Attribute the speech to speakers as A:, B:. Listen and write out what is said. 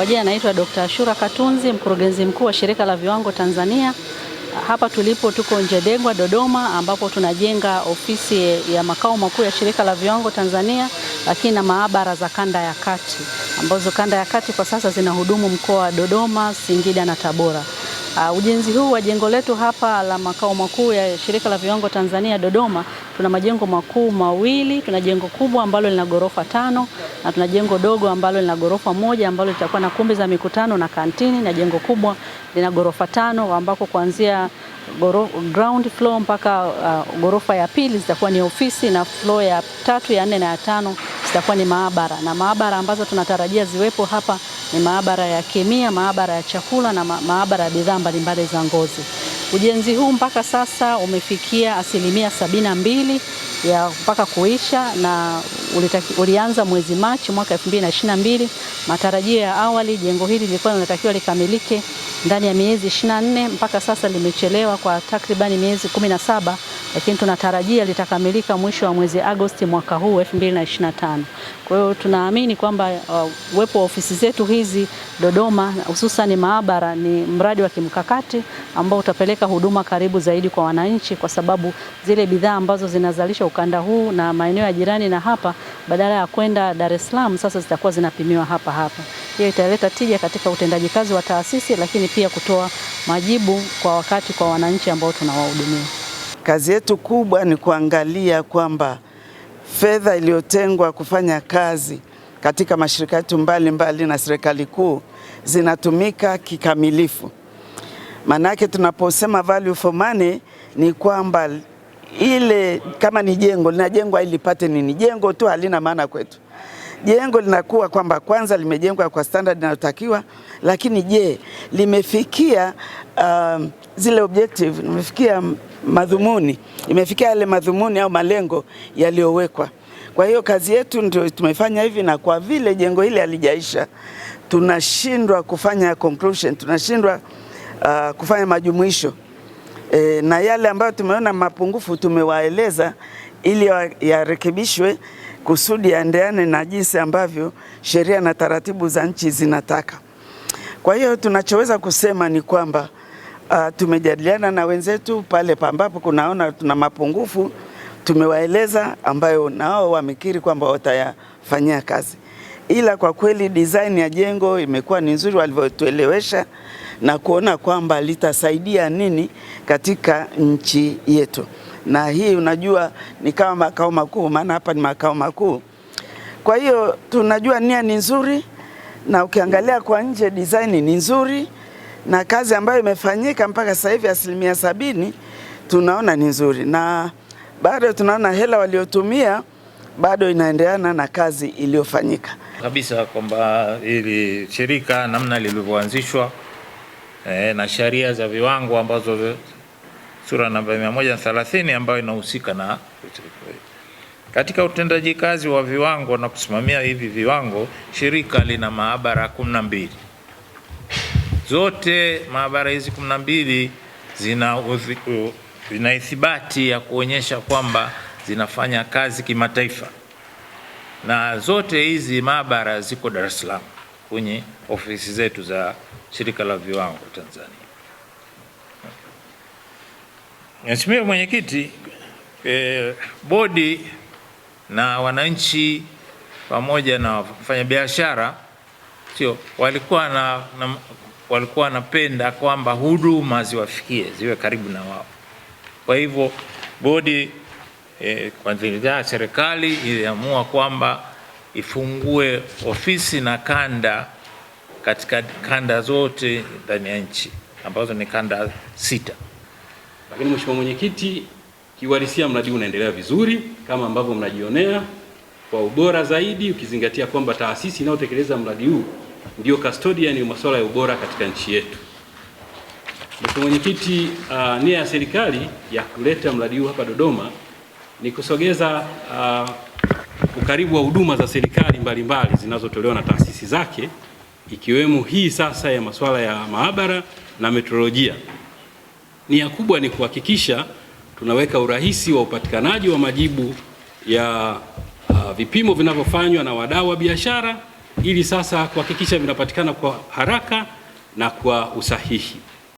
A: Kwa jina naitwa Dr. Ashura Katunzi, mkurugenzi mkuu wa shirika la viwango Tanzania. Hapa tulipo tuko Njedengwa Dodoma, ambapo tunajenga ofisi ya makao makuu ya shirika la viwango Tanzania, lakini na maabara za kanda ya kati ambazo kanda ya kati kwa sasa zinahudumu mkoa wa Dodoma, Singida na Tabora. Uh, ujenzi huu wa jengo letu hapa la makao makuu ya shirika la viwango Tanzania Dodoma, tuna majengo makuu mawili. Tuna jengo kubwa ambalo lina ghorofa tano na tuna jengo dogo ambalo lina ghorofa moja ambalo litakuwa na kumbi za mikutano na kantini, na jengo kubwa lina ghorofa tano ambako kuanzia ground floor mpaka uh, ghorofa ya pili zitakuwa ni ofisi na floor ya tatu, ya nne na ya tano zitakuwa ni maabara na maabara ambazo tunatarajia ziwepo hapa ni maabara ya kemia, maabara ya chakula na maabara ya bidhaa mbalimbali za ngozi. Ujenzi huu mpaka sasa umefikia asilimia sabini na mbili ya mpaka kuisha na ulitaki, ulianza mwezi Machi mwaka 2022. Matarajio ya awali jengo hili lilikuwa linatakiwa likamilike ndani ya miezi 24, mpaka sasa limechelewa kwa takribani miezi 17 lakini tunatarajia litakamilika mwisho wa mwezi Agosti mwaka huu 2025. Kwa hiyo tunaamini kwamba uh, uwepo uh, wa ofisi zetu hizi Dodoma, hususan maabara, ni mradi wa kimkakati ambao utapeleka huduma karibu zaidi kwa wananchi, kwa sababu zile bidhaa ambazo zinazalisha ukanda huu na maeneo ya jirani na hapa, badala ya kwenda Dar es Salaam, sasa zitakuwa zinapimiwa hapa hapa. Hiyo italeta tija katika utendaji kazi wa taasisi, lakini pia kutoa majibu kwa wakati kwa wananchi ambao tunawahudumia.
B: Kazi yetu kubwa ni kuangalia kwamba fedha iliyotengwa kufanya kazi katika mashirika yetu mbalimbali na serikali kuu zinatumika kikamilifu. Maanake tunaposema value for money ni kwamba ile kama ni jengo linajengwa ili lipate nini, jengo tu halina maana kwetu jengo linakuwa kwamba kwanza limejengwa kwa standard inayotakiwa, lakini je, limefikia uh, zile objective, limefikia madhumuni, imefikia yale madhumuni au malengo yaliyowekwa. Kwa hiyo kazi yetu ndio tumefanya hivi, na kwa vile jengo hili halijaisha, tunashindwa kufanya conclusion, tunashindwa uh, kufanya majumuisho e, na yale ambayo tumeona mapungufu tumewaeleza ili yarekebishwe kusudi yaendeane na jinsi ambavyo sheria na taratibu za nchi zinataka. Kwa hiyo tunachoweza kusema ni kwamba uh, tumejadiliana na wenzetu pale pambapo kunaona tuna mapungufu, tumewaeleza ambayo nao wamekiri kwamba watayafanyia kazi, ila kwa kweli design ya jengo imekuwa ni nzuri walivyotuelewesha na kuona kwamba litasaidia nini katika nchi yetu na hii unajua ni kama makao makuu, maana hapa ni makao makuu. Kwa hiyo tunajua nia ni nzuri, na ukiangalia kwa nje design ni nzuri, na kazi ambayo imefanyika mpaka sasa hivi asilimia sabini tunaona ni nzuri, na bado tunaona hela waliotumia bado inaendeana na kazi iliyofanyika
C: kabisa, kwamba ili shirika namna lilivyoanzishwa eh, na sheria za viwango ambazo sura namba 130 ambayo inahusika na katika utendaji kazi wa viwango na kusimamia hivi viwango. Shirika lina maabara 12. Zote maabara hizi 12 zina zina ithibati ya kuonyesha kwamba zinafanya kazi kimataifa, na zote hizi maabara ziko Dar es Salaam kwenye ofisi zetu za shirika la viwango Tanzania. Mheshimiwa Mwenyekiti, e, bodi na wananchi pamoja na wafanyabiashara sio walikuwa na, na walikuwa wanapenda kwamba huduma ziwafikie ziwe karibu na wao. Kwa hivyo bodi e, kwa ya serikali iliamua kwamba ifungue ofisi na kanda katika kanda zote ndani ya nchi ambazo ni kanda sita.
D: Lakini mheshimiwa mwenyekiti, kiuhalisia mradi unaendelea vizuri kama ambavyo mnajionea kwa ubora zaidi, ukizingatia kwamba taasisi inayotekeleza mradi huu ndio custodian ya masuala ya ubora katika nchi yetu. Mheshimiwa mwenyekiti, uh, nia ya serikali ya kuleta mradi huu hapa Dodoma ni kusogeza uh, ukaribu wa huduma za serikali mbalimbali zinazotolewa na taasisi zake ikiwemo hii sasa ya masuala ya maabara na metrolojia. Nia kubwa ni kuhakikisha tunaweka urahisi wa upatikanaji wa majibu ya uh, vipimo vinavyofanywa na wadau wa biashara ili sasa kuhakikisha vinapatikana kwa haraka na kwa usahihi.